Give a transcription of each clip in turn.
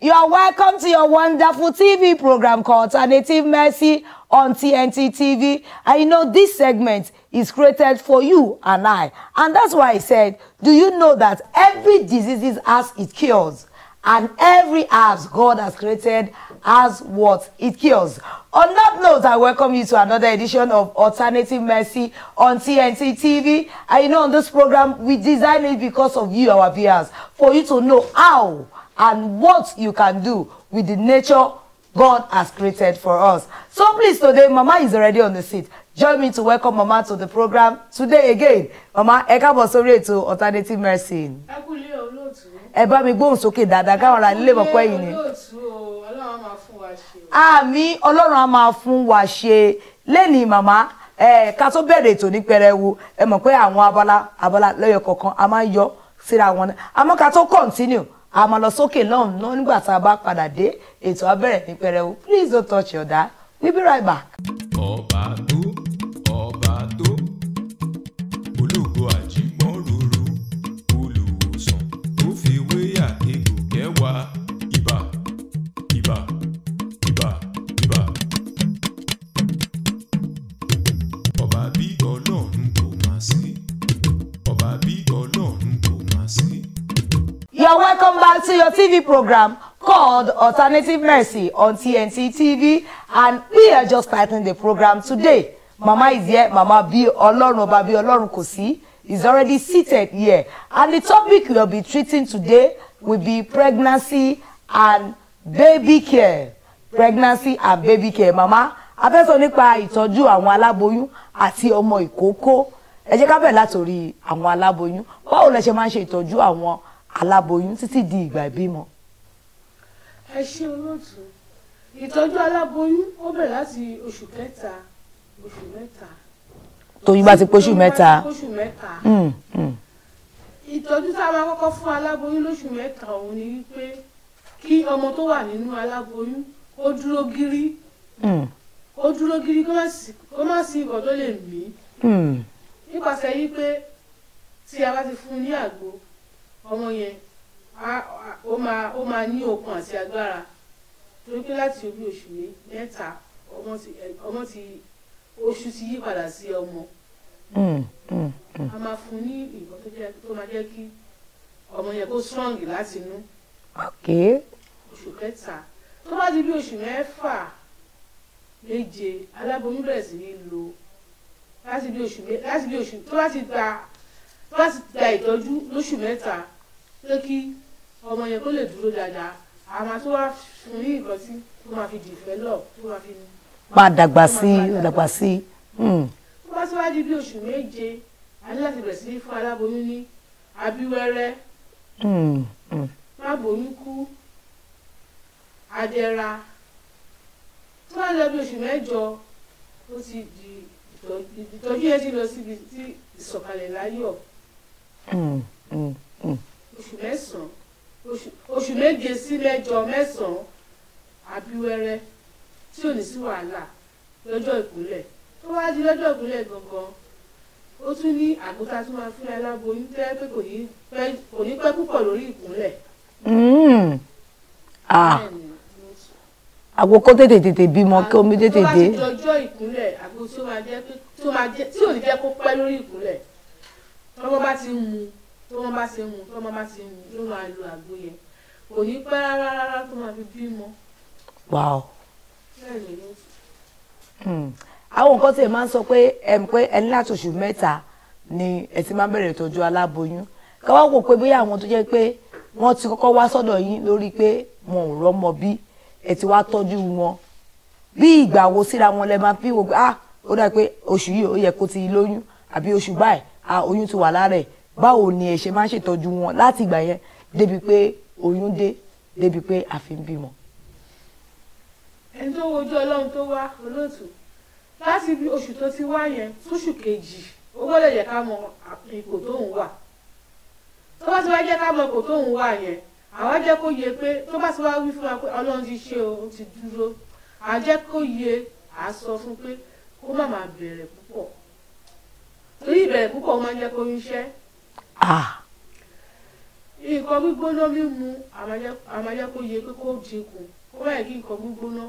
You are welcome to your wonderful TV program called Alternative Mercy on TNT TV. I know this segment is created for you and I. And that's why I said, do you know that every disease has its cures? And every herbs God has created has what it cures. On that note, I welcome you to another edition of Alternative Mercy on TNT TV. I know on this program, we design it because of you, our viewers, for you to know how and what you can do with the nature God has created for us. So please today, Mama is already on the seat. Join me to welcome Mama to the program today again. Mama, Eka káàbọ̀ to ètò Alternative Mercy. Ẹ mi gbóhùn sókè dáadáa káwọn ará nílé mọ̀pẹ́ yìí ni. Ọlọ́run á máa fún wa ṣe. Àmì Ọlọ́run á máa fún wa ṣe. Lẹ́nìí màmá ẹ ká tó bẹ̀rẹ̀ ètò ní pẹrẹwu ẹ mọ̀ pé àwọn abala abala lẹ́yọ kọ̀ọ̀kan a máa ń yọ síra wọn Àmọ́ ká tó continue a máa lọ sókè lọ́hùn náà nígbà tá a bá padà dé ètò á bẹ̀rẹ̀ ní pẹrẹwu please don't touch your dad we'll be right back. ọba tó your TV program called Alternative Mercy on TNT TV and we are just starting the program today. Mama is here, Mama Bi Olorun Oba Bi Kosi is already seated here. And the topic we'll be treating today will be pregnancy and baby care. Pregnancy and baby care. Mama, a fẹ́ sọ nípa itoju àwọn aláboyún àti ọmọ ìkókó. Ẹ jẹ́ ká bẹ̀rẹ̀ láti orí àwọn aláboyún. Báwo lẹ ṣe máa ń ṣe ìtọ́jú aláboyún títí di ìgbà ìbímọ. ẹ ṣe olóòtú ìtọ́jú aláboyún ó bẹ̀rẹ̀ láti oṣù kẹta oṣù mẹ́ta. tóyún bá ti póṣù mẹ́ta. póṣù mẹ́ta. Hmm, hmm. ìtọ́jú tá a máa kọ́kọ́ fún aláboyún lóṣù mẹ́ta òun ni wípé kí ọmọ tó wà nínú aláboyún ó dúró gírí hmm. ó dúró gírí kó má sí ìbọn tó lè mí nípasẹ̀ yí pé tí a bá ti fún un ní àgbo ọmọ yẹn ó máa ó máa ní okun àti agbára torí pé láti orí oṣù mẹ́ta ọmọ ti oṣù ti yí padà sí ọmọ hmm, hmm, hmm. a máa fún ní nǹkan tó máa jẹ́ kí ọmọ yẹn kó strong láti inú. oṣù kẹta tó bá di bí oṣù mẹ́fà méje aláboyún bẹ̀rẹ̀ sí ní lò láti bí oṣù tó bá ti gba tó bá ti gba ìtọ́jú lóṣù mẹ́ta pé kí ọmọ yẹn kó lè dúró dáadáa àmọ́ tó wá fún ní nǹkan tí tó máa fi develop tó máa fi. máa dàgbà sí i dàgbà sí i. Hmm. tó bá síwájú bí oṣù méje a ní láti bẹ̀rẹ̀ sí fún aláboyún ní abíwẹ́rẹ́ má hmm. boyún kú adẹ́ra tó bá lọ bí oṣù mẹ́jọ ó ti di ìtọ́jú yẹn ti lọ síbi tí ìsọ̀kalẹ̀ láyọ̀. Hmm oṣù mẹ́sàn-án oṣù méje sí mẹ́jọ mẹ́sàn-án àbíwẹ́rẹ́ tí ò ní sí wàhálà lọ́jọ́ ìkúnlẹ̀ tó wá di lọ́jọ́ ìkúnlẹ̀ gangan ó tún ní àgùntàn tó máa fún aláboyún tẹ́ pé kò ní pẹ́ púpọ̀ lórí ìkúnlẹ̀. Hmm. Ah. àgbo kó tètè tètè bímọ kí omi tètè dé. tó bá ti dọjọ́ ìkúnlẹ̀ àgbo tí máa jẹ́ tí ò ní jẹ́ kó pẹ́ lórí ìkúnlẹ̀ tọ́mọ bá ti mu tó wọ́n bá ṣe wù tó wọ́n bá ṣe wù ló máa lo àgbo yẹn kò ní pẹ́ rárá rárá tó máa fi bímọ. wàá. Hmm. àwọn nǹkan tí ẹ máa ń sọ pé ẹ ń pé ẹni láti oṣù mẹ́ta ni ẹ ti máa ń bẹ̀rẹ̀ ìtọ́jú aláboyún káwá kò pé bóyá àwọn tó jẹ́ pé wọ́n ti kọ́kọ́ wá sọ́dọ̀ yín lórí pé wọn ò rọ́mọ bí ẹ ti wá tọ́jú wọn bí ìgbà wo síra wọn lẹ máa fi wò pé ah ó dà pé oṣù yìí ó yẹ kó ti lóyún àbí oṣù báyìí ah oyún ti wà lára ẹ̀ báwo ni ẹ ṣe máa ń ṣètọ́jú wọn láti ìgbà yẹn débi pé oyún dé débi pé a fi ń bímọ. ẹni tó wojú ọlọ́run tó wá olóòtú láti bí oṣù tó ti wá yẹn tóṣù kejì ó gbọ́dọ̀ yẹ ká mọ ipò tóun wà tó bá ti wá jẹ́ ká mọ ipò tóun wà yẹn àwa jẹ́ kó yẹ pé tó bá ti wá wí fún wa pé ọlọ́run ti ṣe o ti dúró à jẹ́ kó yẹ à sọ fún pé kó má máa bẹ̀rẹ̀ púpọ̀ torí ìbẹ̀rẹ̀ púpọ̀ máa ń jẹ́ kó ń ṣẹ́ nǹkan gbígbóná mímu àmàjẹ́ kó yẹ pé kó dínkù kó báyìí kí nǹkan gbígbóná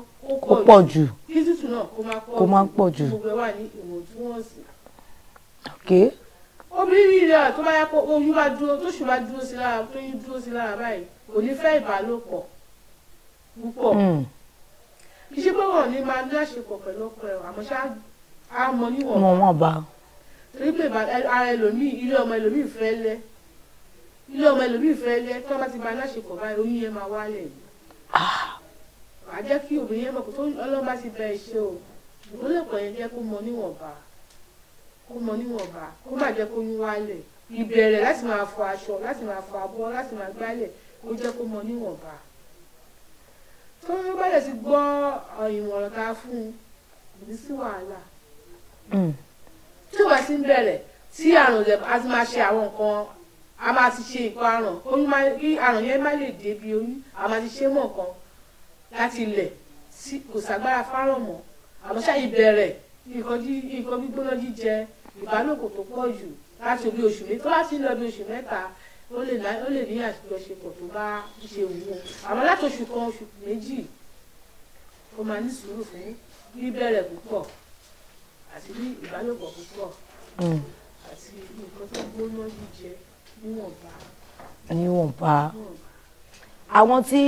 kó pọ̀ jù kí tútù náà kó má pọ̀ jù gbogbo ẹ̀ wà ní ìwọ̀ntúnwọ̀nsì. obìnrin rẹ̀ tó bá yá pé oyún bá dúró tó sì bá dúró sí lára tó yún dúró sí lára báyìí kò ní fẹ́ ìbálòpọ̀ púpọ̀ hmm. kì í ṣe pé wọ́n ní máa ní àṣepọ̀ pẹ̀lú ọkọ ẹ̀ àmọ́ ṣá á mọ níwọ̀n torí pé ara ẹlòmíì ilé ọmọ ẹlòmíì fẹ́ lẹ́ ilé ọmọ ẹlòmíì fẹ́ lẹ́ tí wọ́n bá ti ba aláṣepọ̀ báyìí omi yẹn máa wálẹ̀ ni. wà á jẹ́ kí obìnrin yẹn mọ̀ kó tó ọlọ́run bá ti bẹ iṣẹ́ o ìgbélépọ̀ yẹn jẹ́ kó mọ níwọ̀nba kó mọ níwọ̀nba kó má jẹ́ kó yún wálẹ̀ ìbẹ̀rẹ̀ láti máa fọ aṣọ láti máa fọ abọ́ láti máa gbálẹ̀ kó jẹ́ kó mọ níwọ̀nba tó bá lè ti gbọ́ ìmọ̀ràn ta fún un kò ní sí wàhálà. Hmm tí wọ́n ti ń bẹ̀rẹ̀ tí àrùn rẹ̀ a ti máa ṣe àwọn nǹkan a máa ti ṣe nǹkan àrùn oyún kí àrùn yẹn má lè dé bí oyún a máa ti ṣe mọ̀ nǹkan láti ilẹ̀ sí kò sàgbára fáràn mọ́ àmọ́ ṣáà ìbẹ̀rẹ̀ nǹkan gbígbóná jíjẹ ìbálòpọ̀ tó pọ̀ jù láti orí oṣù mi tó bá ti ń lọ bí oṣù mẹ́ta ó lè ní ó lè ní àjọṣepọ̀ tó bá ṣe wù ú àmọ́ láti oṣù kan oṣù méjì ó máa ní sùúrù fún bíbẹ̀rẹ̀ púpọ̀ àti ní ìbálòpọ̀ púpọ̀ hmm. àti nǹkan tó gbóná jíjẹ níwọ̀nba. níwọ̀nba hmm. àwọn tí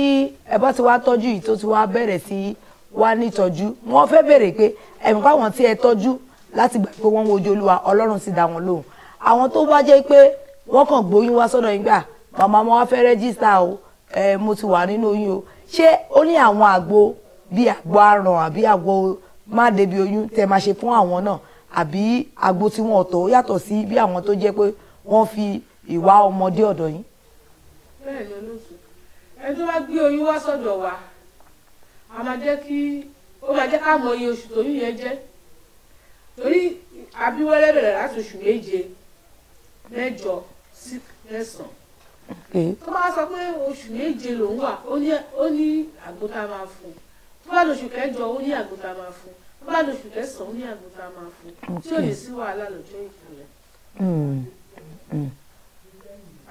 ẹ bá ti wá tọ́jú yìí tó ti wá bẹ̀rẹ̀ sí wá nítọ́jú wọ́n fẹ́ béèrè pé ẹ̀mí fáwọn tí ẹ tọ́jú láti gbà pé wọ́n ń wojú olúwa ọlọ́run sì dá wọn lóhùn àwọn tó bá jẹ́ pé wọ́n kàn gbóyún wá sọ́dọ̀ yín gbà màmá wọn wá fẹ́ rẹ́jísítà o mo ti wà nínú oyún o ṣé ó ní àwọn àgbo bíi àgbo aràn àbí àgbo má débi oyún tẹ máa ṣe fún àwọn náà àbí agbo tí wọn ọ̀tọ̀ yàtọ̀ sí bí àwọn tó jẹ́ pé wọ́n fi ìwà ọmọdé ọ̀dọ̀ yín. bẹ́ẹ̀ni olóòtú ẹni tó bá gbé oyún wá sọ́dọ̀ wa a máa jẹ́ kí ó máa jẹ́ ká mọ iye oṣù tóyún yẹn jẹ́ torí abíwẹ́rẹ́ bẹ̀rẹ̀ láti oṣù méje mẹ́jọ sí mẹ́sàn-án tó bá sọ pé oṣù méje lòún wà ó ní àgbo tá a máa fún un tó bá lóṣù kẹjọ ó ní àgùntà máa fún tó bá lóṣù kẹsàn-án ó ní àgùntà máa fún tí ò ní sí wàhálà lọ́jọ́ ìkú rẹ̀.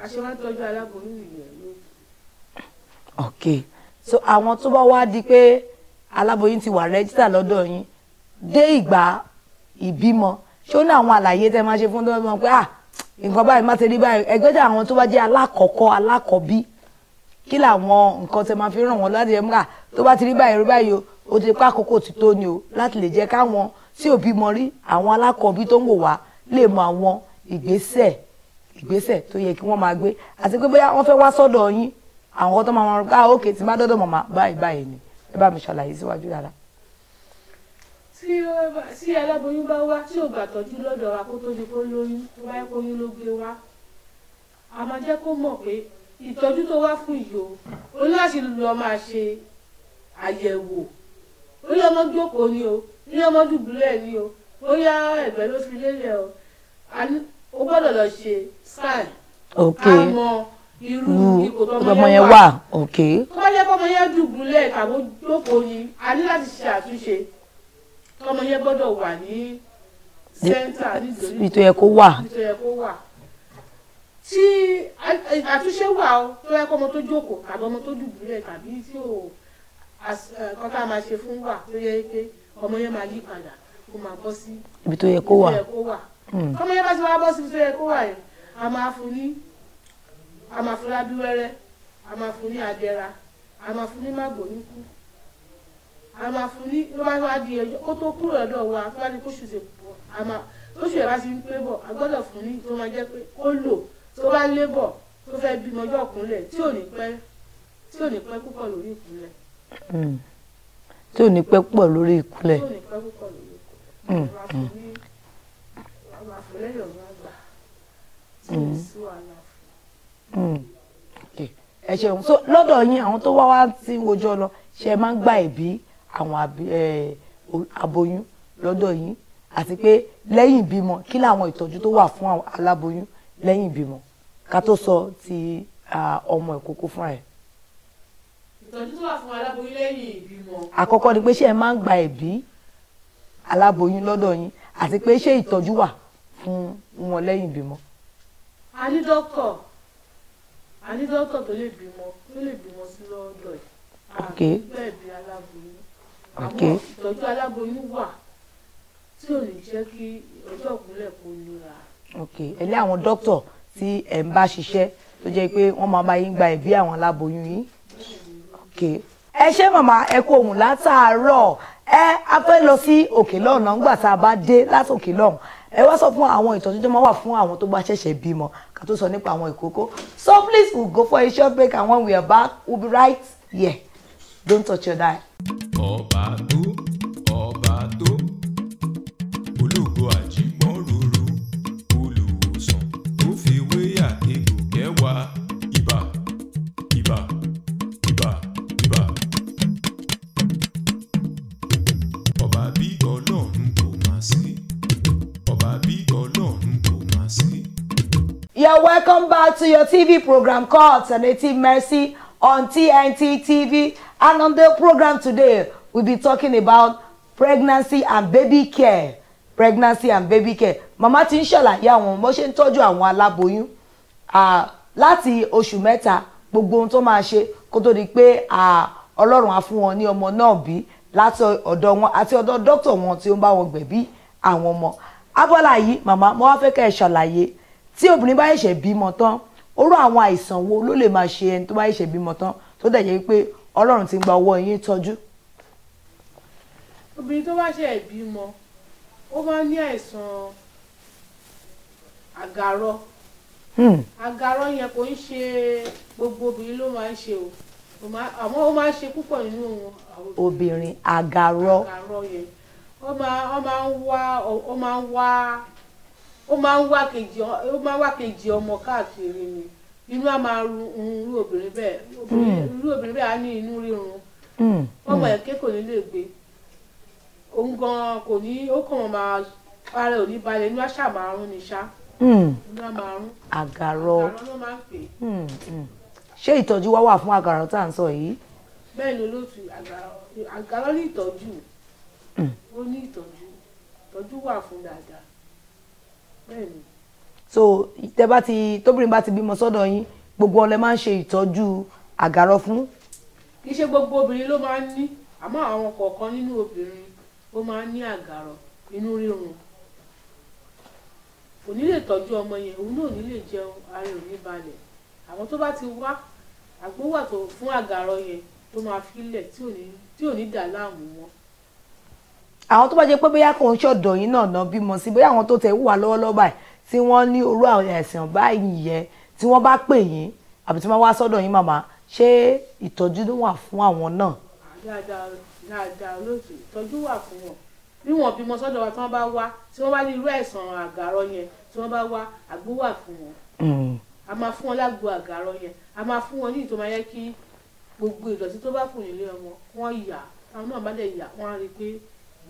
àṣewátọ́jú hmm. hmm. aláboyún nìyẹn ok so àwọn tó bá wá di pé aláboyún ti wà rẹ́jísítà lọ́dọ̀ yín dé ìgbà ìbímọ ṣé ó ní àwọn àlàyé tẹ máa ṣe fún tó bá mọ pé ah nǹkan báyìí má ti rí báyìí ẹgbẹ́jà àwọn tó bá jẹ́ alákọ̀ọ́kọ́ alákọ̀ọ́bí kí làwọn nǹkan tẹ máa fi ràn wọ́n láti ẹ̀mú rà tó bá ti rí báyìí rí báyìí o ó ti pa àkókò ti tó ni o láti lè jẹ́ káwọn tí ò bímọ rí àwọn alákọ̀ọ́bí tó ń wò wá lè mọ àwọn ìgbésẹ̀ ìgbésẹ̀ tó yẹ kí wọ́n máa gbé àti pé bóyá wọ́n fẹ́ wá sọ́dọ̀ yín àwọn kan tó máa rán ah ok tí má dọ́dọ̀ màmá báyìí báyìí ni ẹ bá mi ṣàlàyé síwájú rárá. tí aláboyún bá wá tí ò gbàtọ́jú lọ́dọ̀ wa kó tó di kó lóyún tó bá yẹ kó yún ló gbé wá a máa jẹ́ kó mọ̀ pé ìtọ́jú tó wá fún yìí o ó ní láti lọ máa ṣe àyẹ̀wò bóyá ọmọ jókòó ni o bóyá ọmọ dùbúlẹ̀ ni o bóyá ẹ̀gbẹ́ ló fi lélẹ̀ o ó gbọ́dọ̀ lọ ṣe scan àmọ́ irú mm. ipò tọmọ yẹn wà tọmọ yẹn kọmọ yẹn dùbúlẹ̀ tàbí jókòó ni a ní láti ṣe àtúnṣe tọmọ yẹn gbọ́dọ̀ wà ní sẹ́ńtà nítorí ìtòyẹ kó wà tí àtúnṣe wà ó tó yẹ kó ọmọ tó jókòó tàbí ọmọ tó dùbúlẹ̀ tàbí tí ò kan tá a máa ṣe fún wà tó yẹ pé ọmọ yẹn máa yí padà kó máa bọ́ sí ibi tó yẹ kó wà kọ́mọ hmm. yẹn bá ti wá bọ́ síbi tó yẹ kó wà yẹn a máa fún ní a máa fún lábíwẹ́rẹ́ a máa fún ní àjẹra a máa fún ní mágbóníkú a máa fún ní ló máa wá di ẹjọ́ kó tó kúrò lọ́dọ̀ wa tó bá ní kóṣù ṣe pọ̀ a máa tóṣù ẹ̀ bá ti ń pé bọ̀ a gbọ́dọ̀ fún ní tó máa jẹ́ pé kó lò tó bá ń lébọ̀ tó fẹ́ bímọ ọjọ́ ìkúnlẹ̀ tí ò ní pẹ́ tí ò ní pẹ́ púpọ̀ lórí ìkúnlẹ̀. Hmm. tí ò ní pẹ́ púpọ̀ lórí ìkúnlẹ̀. tí ò ní pẹ́ púpọ̀ lórí ìkúnlẹ̀. àbàfẹ́lẹ́yọ̀ máa gbà tí ì sú àlàfo ẹ ṣeun so lọ́dọ̀ yín àwọn tó wá wá tí ń wojọ́ lọ ṣe máa ń gba ẹ̀bí àwọn aboyún lọ́dọ̀ yín àti pé lẹ́yìn ìbímọ kí làwọn ìtọ́jú tó wà fún aláboyún lẹ́yìn ìbímọ ká tó sọ ti ọmọ ìkókó fúnra ẹ̀. ìtọ́jú tó wà fún aláboyún lẹ́yìn ìbímọ. àkọ́kọ́ ni pé ṣé ẹ máa ń gba ẹ̀bí aláboyún lọ́dọ̀ yín àti pé ṣé ìtọ́jú wà fún wọn lẹ́yìn ìbímọ. a ní dókítà a ní dókítà tó lè bímọ tó lè bímọ sí lọ́dọ̀ yìí. ok bẹ́ẹ̀ bí aláboyún. ok àmọ́ ìtọ́jú aláboyún wà tí ò ní jẹ́ kí ọjọ́ ìkúnlẹ̀ kó nira ok ẹ lé àwọn dókítà tí ẹ̀ ń bá ṣiṣẹ́ tó jẹ́ pé wọ́n máa bá yín gba ẹ̀bí àwọn aláboyún yín ok ẹ ṣé màmá ẹ kú ohùn látàárọ̀ ẹ a fẹ́ lọ sí òkè lọ́hùn náà ńgbà tá a bá dé láti òkè lọ́hùn ẹ wá sọ fún àwọn ìtọ́jú tó máa wà fún àwọn tó bá ṣẹ̀ṣẹ̀ bímọ ká tó sọ nípa àwọn ìkókó so please we we'll go for a short break and when we are back we'll be right here don't touch your die. ọba tó Welcome back to your TV program called Alternative Mercy on TNT TV. And on the program today, we'll be talking about pregnancy and baby care. Pregnancy and baby care. Mama Tinshala, ń ṣàlàyé àwọn bó ṣe ń tọ́jú àwọn aláboyún. Láti oṣù mẹ́ta, gbogbo ohun tó máa ṣe kó tó di pé Ọlọ́run á fún wọn ní ọmọ náà bí láti ọ̀dọ̀ wọn àti ọ̀dọ̀ dókítà wọn tí ó ń bá wọn gbẹ̀bí àwọn ọmọ. Abọ́lá yìí, màmá, mo wá fẹ́ kẹ́ ẹ tí obìnrin bá ṣẹ̀ṣẹ̀ bímọ tán orú àwọn àìsàn wo ló lè máa ṣe ẹni tó bá ṣẹ̀ṣẹ̀ bímọ tán tó dẹ̀ jẹ́ pé ọlọ́run ti gba ọwọ́ yín tọ́jú. obìnrin tó bá ṣẹ̀ṣẹ̀ bímọ ó máa ń ní àìsàn àgàrọ hmm. àgàrọ yẹn kò ń ṣe gbogbo obìnrin ló máa ń ṣe o àmọ́ ó máa ń ṣe púpọ̀ nínú obìnrin àgàrọ yẹn ó máa ń wá ó máa ń wá kejì ó máa ń wá kejì ọmọ káàkiri ni inú á máa ru irú obìnrin bẹ́ẹ̀ hmm. irú obìnrin bẹ́ẹ̀ á ní inú rírun hmm. ọmọ hmm. ẹ̀kẹ́ kò ní lè gbé òun gan kò ní ó kàn máa ara ò ní balẹ̀ inú á ṣàmárún ni ṣá inú á máa rún àgàrọ ṣé ìtọ́jú wá wà fún àgàrọ tá à ń sọ yìí. bẹ́ẹ̀ ni olóòtú àgàrọ ní ìtọ́jú ó ní ìtọ́jú ìtọ́jú wà fún dáadáa so tẹ bá ti tóbìnrin bá ti bímọ sọ́dọ̀ yín gbogbo ọlẹ máa ń ṣe ìtọ́jú àgàrọ fún. kì í ṣe gbogbo obìnrin ló máa ń ní àmọ́ àwọn kọ̀ọ̀kan nínú obìnrin ó máa ń ní àgàrọ inú rírun kò ní lè tọ́jú ọmọ yẹn òun náà ní lè jẹun ara ò ní balẹ̀ àwọn tó bá ti wá àgbówà tó fún àgàrọ yẹn tó máa fi lẹ̀ tí ò ní dà láàmú wọn àwọn tó bá jẹ́ pé bóyá kò ń ṣọ̀dọ̀ yín náà ná bímọ sí bóyá àwọn tó tẹ̀ wà lọ́wọ́lọ́wọ́ báyìí tí wọ́n ní orú àìsàn báyìí yẹn tí wọ́n bá pè yín àbí tí wọ́n wá sọ́dọ̀ yín màmá ṣé ìtọ́jú ló wà fún àwọn náà. dáadáa dáadáa lóòtú ìtọ́jú wà fún wọn bí wọn bímọ sọ́dọ̀ wa tí wọ́n bá wá tí wọ́n bá ní irú àìsàn àgàrọ yẹn tí wọ́n bá wá àgbo wà fún wọn. Hmm. a máa fún wọn lágbo àgàrọ yẹn a máa fún wọn ní ìtọ́ máa yẹ kí gbogbo ìdọ̀tí tó bá kù nílé ọmọ wọn yà àwọn náà bá dẹ̀ yà wọn á rí i pé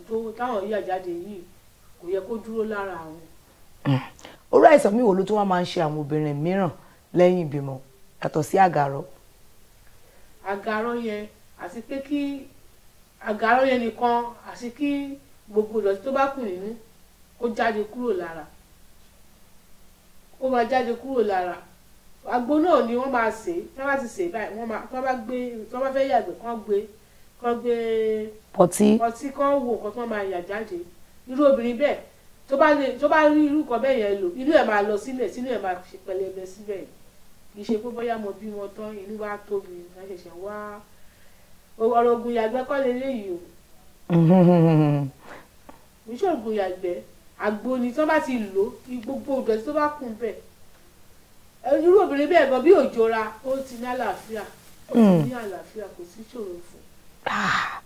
tó táwọn yà jáde yìí kò yẹ kó dúró lára àwọn. Hmm. orú àìsàn mi wo ló tún wá máa ń ṣe àwọn obìnrin mìíràn lẹ́yìn ìbímọ yàtọ̀ sí àgàrọ́. àgàrọ́ yẹn àti pé kí àgàrọ́ yẹn nìkan àti kí gbogbo ìdọ̀tí tó bá kù nínú kó jáde kúrò lára ó máa jáde kúrò lára àgbo náà ni wọ́n máa sè é tí wọ́n bá ti sè é báyìí wọ́n máa tí wọ́n bá gbé tí wọ́n bá fẹ́ yàgbẹ́ kán gbé kọ́ gbé pọtí pọtí kọ́ wò kọ́ tó máa yà jáde irú obìnrin bẹ́ẹ̀ tó bá lè tó bá rí irú kan bẹ́ẹ̀ yẹn lò inú ẹ̀ máa lọ sílẹ̀ sínú ẹ̀ máa ṣe pẹlẹbẹ síbẹ̀ kì í ṣe pé bóyá mo bí wọn tán inú wa tóbi ẹ ṣẹ̀ṣẹ̀ wá ọ̀rọ̀ ogun yàgbẹ́ kọ́ lélẹ́yìí o iṣẹ́ ogun yàgbẹ́ àgbo ni tí wọ́n bá ti lò gbogbo ìdọ̀tí tó bá kún bẹ́ẹ̀ irú obìnrin bẹ́ẹ̀ gan bí òjòra ó ti ní àlàáfíà ó ti ní hmm. àlàáfíà kò sí ṣòro fún Ah,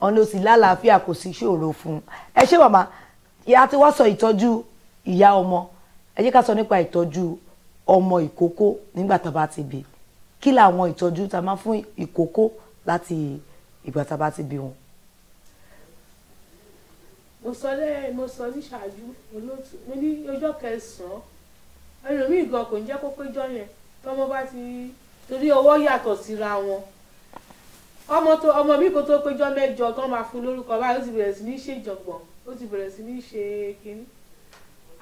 ọ̀nà ló sì lálàáfíà kò sí ṣòro fún un ẹ ṣé màmá ìyá tí wọ́n sọ ìtọ́jú ìyá ọmọ ẹ jẹ́ ká sọ nípa ìtọ́jú ọmọ ìkókó nígbà tá a bá ti bí kí làwọn ìtọ́jú tá a máa fún ìkókó láti ìgbà tá a bá ti bí wọn. mo sọ lẹ́yìn mo sọ ní ṣáájú mo ní ọjọ́ kẹsàn-án ẹlòmíì gan kò ní jẹ́ kó péjọ yẹn tọ́mọ bá ti torí ọwọ́ yàtọ̀ síra wọn ọmọ tó ọmọ mi kò tó péjọ mẹ́jọ gan máa fún lórúkọ báyìí ó ti bẹ̀rẹ̀ sí ní ṣe ìjọ̀gbọ̀n ó ti bẹ̀rẹ̀ sí ní ṣe kínní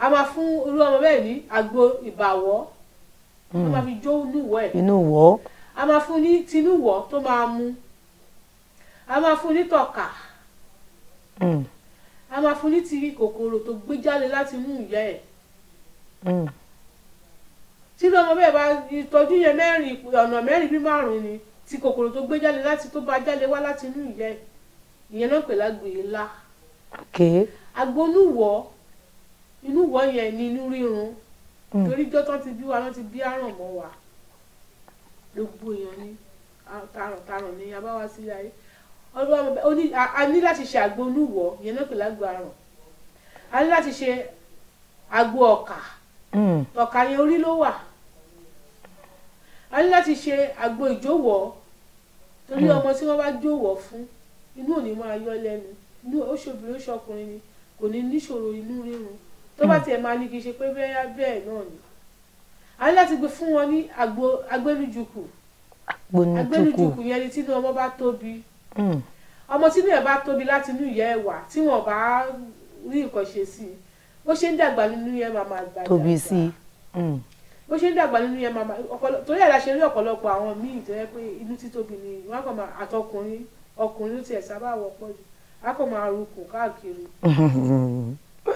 a máa fún irú ọmọ bẹ́ẹ̀ ní àgbo ìbàwọ́ a hmm. máa fi jó inúwọ́ ẹ̀ inúwọ́ a máa fún ní tinúwọ́ tó máa mu a máa fún ní tọ̀kà hmm. a máa fún ní tiri kòkòrò tó gbé jáde láti inú ìyá ẹ̀ hmm. tí lọ́mọ bẹ́ẹ̀ bá ìtọ́jú yẹn mẹ́rin ọ̀nà mẹ́rin bí márùn-ún ni tí kòkòrò tó gbé jáde láti tó bá jáde wá láti inú ìyẹ́ ìyẹn náà pè lágbo ìlà. àgbo olúwọ inú wọ yẹn ni inú rírun mm. torí jọ́ tán ti bí wa lọ́n ti bí àràn mọ́ wa gbogbo èèyàn ní taràntaràn ní abáwá sílé ayé a ní láti ṣe àgbo olúwọ ìyẹn náà pè lágbo àràn a ní láti ṣe àgbo ọkà mm. ọkà yẹn orí ló wà a ní láti ṣe àgbo ìjówọ́ torí hmm. ọmọ tí wọ́n bá jówọ́ fún inú ò ní máa yọ lẹ́nu inú ó ṣobìnrin ó ṣọkùnrin ni kò ní níṣòro inú rírun tó bá hmm. tiẹ̀ máa ní kí n ṣe pé bẹ́ẹ̀ bẹ́ẹ̀ náà ni a ní láti gbé fún wọn ní àgbo agbẹnujukù agbẹnujukù yẹn ni tínú ọmọ bá tóbi hmm. ọmọ tínú ẹ̀ bá tóbi láti inú ìyá ẹ̀ wà tí wọ́n bá rí nǹkan ṣe sí i bó ṣe ń dàgbà nínú yẹn máa máa tóbi sí i bó ṣe ń dàgbà nínú yẹn màmá torí ẹ̀ la ṣe rí ọ̀pọ̀lọpọ̀ àwọn míì tó pé inú títóbi ni wọ́n kàn máa àtọkùnrin ọkùnrin ló tiẹ̀ sábà wọ́pọ̀ jù á kàn máa rúkò káàkiri.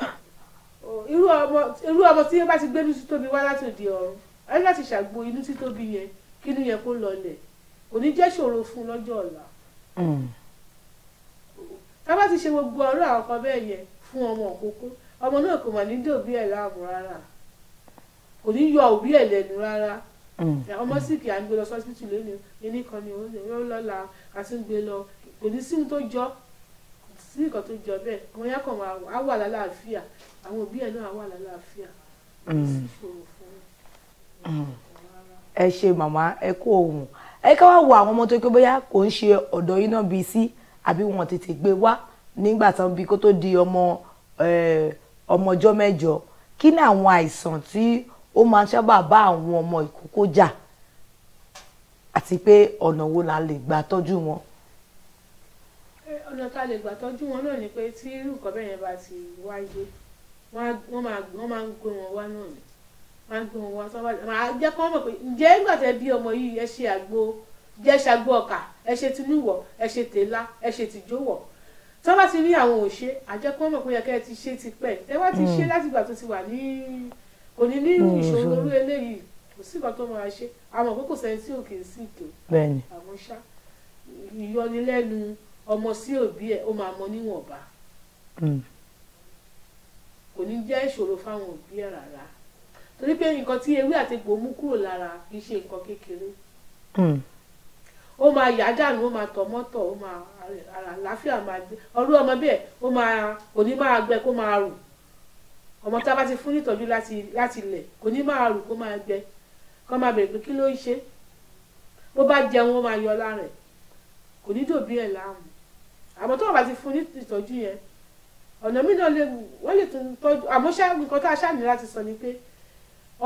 irú ọmọ tí bá ti gbé inú títóbi wá láti òde ọ̀run á ní láti ṣàgbo inú títóbi yẹn kí inú yẹn kó lọlẹ̀ kò ní jẹ́ ṣòro fún lọ́jọ́ ọ̀la. Mm. tá a bá ti ṣe gbogbo ọ̀rọ̀ àwọn kan bẹ́ẹ̀ yẹn fún ọmọ òkókó ọmọ náà kò mà ní dòbí ẹ̀ láàmú rárá kò ní yọ òbí ẹ̀ lẹ́nu rárá mm. ọmọ sì kì à ń gbé lọ sọ́sibítù lónìí lónìí kan ni òun lọ́la àti ń gbé lọ kò ní sí tó jọ sí nǹkan tó jọ bẹ́ẹ̀ ọmọ yẹn kàn á wà lálàáfíà àwọn òbí ẹ̀ náà á wà lálàáfíà mm. mm. ẹ ṣe màmá ẹ kú ohun ẹ ká wá wo àwọn ọmọ tó pé bóyá kò ń ṣe ọ̀dọ̀ yín náà bíi sí àbí wọn tètè gbé wá nígbà tán bí kó tó di ọmọ ọmọ ọjọ́ mẹ́jọ kí ni àwọn àìsàn tí ó máa ń sábà bá àwọn ọmọ ìkókó jà àti pé ọ̀nà wo la lè gbà tọ́jú wọn. ọ̀nà tá a lè gbà tọ́jú wọn náà ni pé tí irú nǹkan bẹ́ẹ̀ yẹn bá ti wáyé wọ́n máa ń gbé wọn wá náà ni wọ́n á gbé wọn wá sọ́wọ́ máa jẹ́ kó mọ̀ pé ǹjẹ́ nígbà tẹ́ bí ọmọ yìí ẹ ṣe àgbo jẹ́ ṣàgbo ọkà ẹ ṣe tinúwọ̀ ẹ ṣe tèlá ẹ ṣe tìjówọ̀ tó bá ti rí àwọn òṣè àjẹkọ́ mọ̀ pé yẹ kẹ́ ẹ ti ṣe ti pẹ́ ẹ wá ti ṣe hmm. láti ìgbà tó ti wà ní kò ní ní hmm, ìṣòro orí eléyìí kò sí nǹkan tó máa ṣe àmọ́ pé kò sẹ́yìn tí òkè sí ìtò àmọ́ ṣá ìyọnilẹ́nu ọmọ sí òbí ẹ̀ ó máa mọ níwọ̀nba hmm. kò ní jẹ́ ìṣòro fáwọn òbí ẹ̀ rárá torí pé nǹkan tí ewé àti egbò mú kúrò lára kì í ṣe nǹkan kékeré hmm. ó máa yá dànù ó máa tọ mọ́tọ̀ ó máa àlàáfíà máa gbé ọdún ọmọ bẹ́ẹ̀ ó máa kò ní máa gbẹ kó máa rùn ọmọ tá a bá ti fún nítọ́jú láti láti lẹ̀ kò ní máa rù kó máa gbẹ kó máa bèrè pé kí ló ń ṣe bó bá jẹun ó máa yọ lára ẹ̀ kò ní dòbí ẹ̀ láàmú àmọ́ tó o bá ti fún nítọ́jú yẹn ọ̀nà mí náà lè wọ́n lè tún tọ́jú àmọ́ ṣá nǹkan tá a ṣàní láti sọ ni pé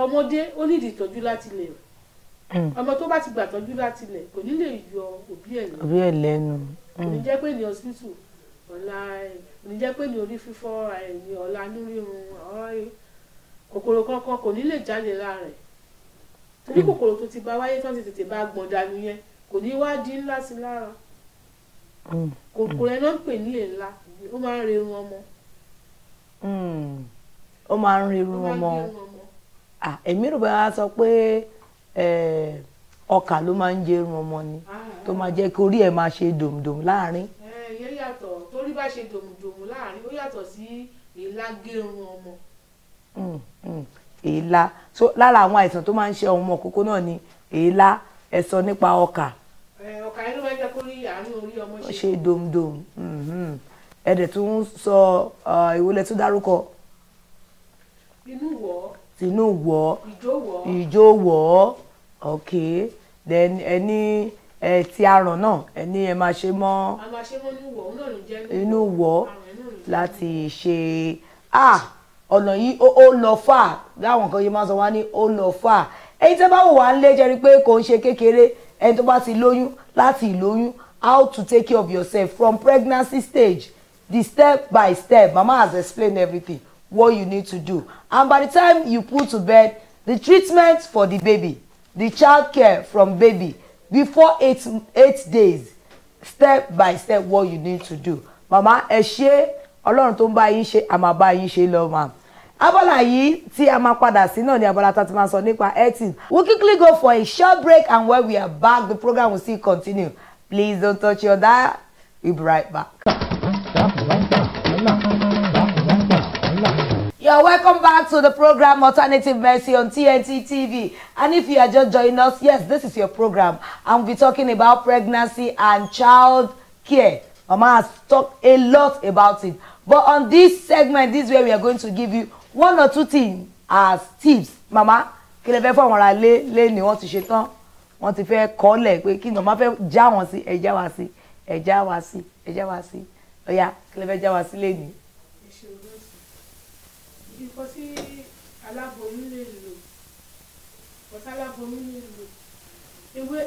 ọmọdé ó nídìí ìtọ́jú láti lẹ̀ hmm. ọmọ tó bá ti gbà tọ́jú láti lẹ̀ kò ní lè yọ òbí ẹ̀ lẹ́nu kò ní hmm. jẹ́ pé ní hospital ọ̀la ní jẹ́ pé ní orí fífọ́ ní ọ̀la ní rírun kòkòrò kankan kò ní lè jáde lára rẹ̀ torí hmm. kòkòrò tó ti bá wáyé tán ti tètè bá gbọ̀n dànù yẹn kò ní wá di ńlá sí lára hmm. kòkòrò ẹ̀ náà ń pè ní èélá ó máa ń rerun ọmọ. Hmm. ó máa ń rerun ọmọ èmi rò bá a sọ pé ọkà ló máa ń jẹ irun ọmọ ni ah. tó máa jẹ́ kí orí ẹ̀ máa ṣe dòmdòm láàrin. Mm fẹ́ ṣe dòmùdòmù láàrin ó yàtọ̀ sí èélá ọmọ. èélá mm, mm. so lára àwọn àìsàn tó máa ń ṣe ọmọ kókó náà ni èélá ẹ sọ nípa ọkà. ọkà inú máa ń jẹ́ kó rí àánú orí ọmọ ṣe. ṣe dòmùdòmù mm-hmm. ẹ dẹ̀ tún ń sọ ìwọlẹ̀ tún dárúkọ. inú wọ̀ ọ́. tinú wọ̀ ok then ẹni ẹ ti aràn náà ẹ ní ẹ máa ṣe mọ́ inú wọ̀ láti Ah, ọ̀nà yìí ó lọ fà láwọn nǹkan yìí máa sọ wá ní ó lọ fa. ẹ̀yin tẹ́ bá wò wá ń lé jẹ́rìí pé kò ń ṣe kékeré ẹni tó ti lóyún láti ìlóyún how to take care of yourself from pregnancy stage the step by step mama has explained everything what you need to do and by the time you put to bed the treatment for the baby the child care from baby before eight eight days step by step what you need to do Mama. ẹ ṣe ọlọ́run tó ń bá yín ṣe àmà bá yín ṣe lọ mà abala yìí tí a máa padà sí náà ni abala tá ti máa sọ nípa etin we quickly go for a short break and when we are back the program will still continue please don't touch your dial we'll be right back. You're welcome back to the program Alternative Mercy on TNT TV. And if you are just joining us, yes, this is your program. And we'll be talking about pregnancy and child care. Mama has talked a lot about it. But on this segment, this way we are going to give you one or two things as tips. Mama, kí lẹ fẹ́ fún àwọn ará lé lé ni wọ́n ti ṣe tán. Wọ́n ti fẹ́ kọ́lẹ̀ pé kí màmá fẹ́ já wọn sí ni nǹkan tí aláboyún lè lò ọ̀tá aláboyún lè lò ewé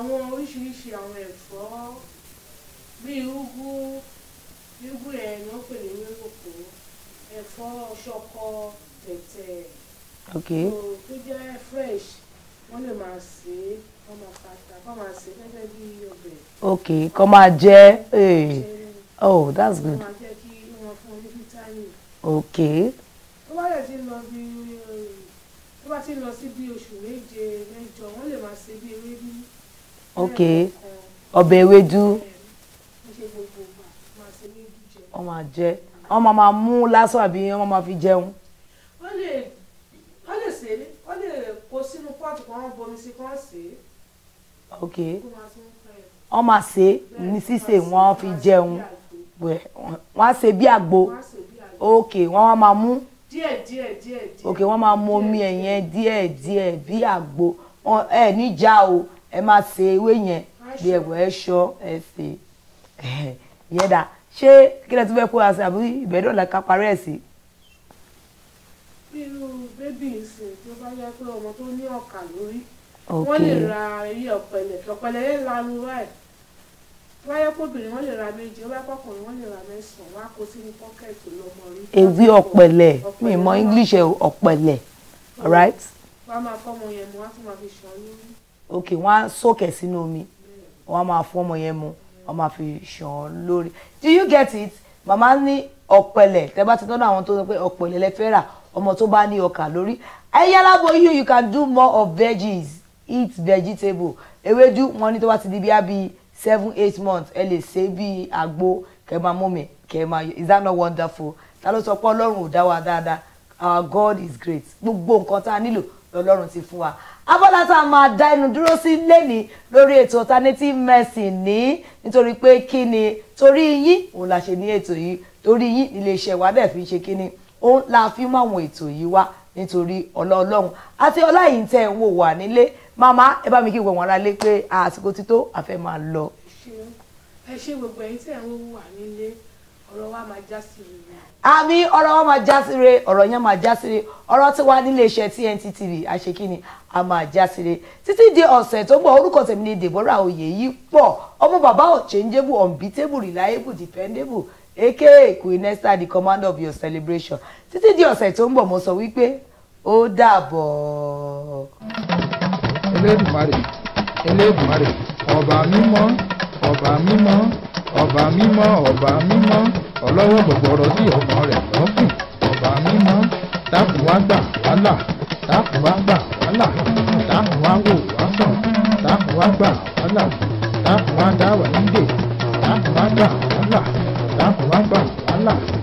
àwọn oríṣiríṣi àwọn ẹ̀fọ́ bíi ugu ugu yẹn ni wọ́n pè ní yúròpó ẹ̀fọ́ ṣọkọ tẹ̀tẹ̀ tó jẹ́ fresh wọ́n lè máa sè é wọ́n máa pata wọ́n máa sè é gẹ́gẹ́ bí ọbẹ̀. ok kọ́ máa jẹ́ oh that's good. wọ́n máa jẹ́ kí wọ́n fún oní fítámì. ok ti lọ bí tó bá ti lọ sí bí oṣù méje mẹ́jọ wọ́n lè máa ṣe bí ewédú. ok ọbẹ̀ ewédú. wọ́n máa jẹ wọ́n máa máa mú lásán àbí wọ́n máa fi jẹun. wọ́n lè wọ́n lè ṣe é wọ́n lè kó sínú pọ́ọ̀tù kan wọ́n bomi sí kan ṣe é. ok wọ́n máa ṣe é ní sísè wọ́n fi jẹun wọ́n á ṣe bí àgbo ok wọ́n á máa mú. Okay díẹ̀ díẹ̀ díẹ̀ díẹ̀. ok wọ́n máa mú omi ẹ̀ yẹn díẹ̀ díẹ̀ bí àgbo ẹ níjà o ẹ máa ṣe ewé yẹn bí ẹ̀wọ̀ ẹ ṣọ́ ẹ ṣe yẹn dà ṣé kí lẹ tún fẹ́ kó wa sí àbí ìbẹ́dọ̀ la ká parí ẹ̀ sí. irú bébì ìsìn tó bá yẹ pé ọmọ tó ní ọkà lórí wọ́n lè ra iye ọ̀pẹ̀lẹ̀ ọ̀pẹ̀lẹ̀ yẹn lanu báyìí wáyé kóbìnrin wọn lè ra méjì ewé ọ̀pẹ̀lẹ̀ mi mọ english ọ̀pẹ̀lẹ̀ alright. wọ́n á máa fọ́mọ yẹn mu wọ́n á tún máa ok wọ́n á sókè sínú omi wọ́n á máa fọ́mọ yẹn mu wọ́n á máa fi ṣan lórí. do you get it Mama ní ọ̀pẹ̀lẹ̀ tẹ́ bá ti tọ́nà àwọn tó sọ pé ọ̀pẹ̀lẹ̀ lẹ fẹ́ rà ọmọ tó bá ní ọkà lórí ẹ̀yẹ́ aláboyún you can do more of veggies eat vegetable ewédú wọn ní tó bá ti di bí á bíi seven eight months ẹ lè ṣe bí àgbo kẹ máa mú mi kẹ máa is that not wonderful ta ló sọ pé ọlọ́run ò dá wa dáadáa our God is great gbogbo nǹkan tá a nílò lọ́lọ́run ti fún wa abọ́lá tá a máa dá ẹnu dúró sí lẹ́ni lórí ètò alternative medicine ní nítorí pé kí ni torí yín òun la ṣe ní ètò yìí torí yín nílé wa dẹ̀ fi ṣe kí ni òun la fi mú àwọn ètò yìí wá nítorí ọlọ́ọ̀lọ́run àti ọláyìí tẹ́ ń wò wà nílé Mama, ẹ bá mi kí gbogbo wọn lálé pé àsìkò ti tó àfẹ́ máa lọ. ẹ ṣe gbogbo ẹ̀yin tí ẹ ń wà nílé ọ̀rọ̀ wa máa já sí rere. àmì ọ̀rọ̀ wa máa já sí rere ọ̀rọ̀ yẹn máa já sí rere ọ̀rọ̀ tí wà nílé iṣẹ́ TNT TV àṣekínni a máa já sí rere títí di ọ̀sẹ̀ tó ń bọ̀ orúkọ tèmi ni Deborah Oyèyípọ̀ ọmọ bàbá òchangeable unbeatable reliable dependable aka Queen Esther the commander of your celebration títí di ọ̀sẹ̀ tó ń bọ̀ mo sọ wípé ó dàbọ̀ elédùmarè elédùmarè ọba mímọ́ ọba mímọ́ ọba mímọ́ ọba mímọ́ ọlọ́wọ́ gbọ̀gbọ̀rọ̀ sí ọmọ rẹ̀ lọ́kùn ọba mímọ́ dákun wá gbà wá là dákun wá gbà wá là dákun wá wò wá sàn dákun wá gbà wá là wá dá wà nídè dákun wá gbà wá là wá gbà wá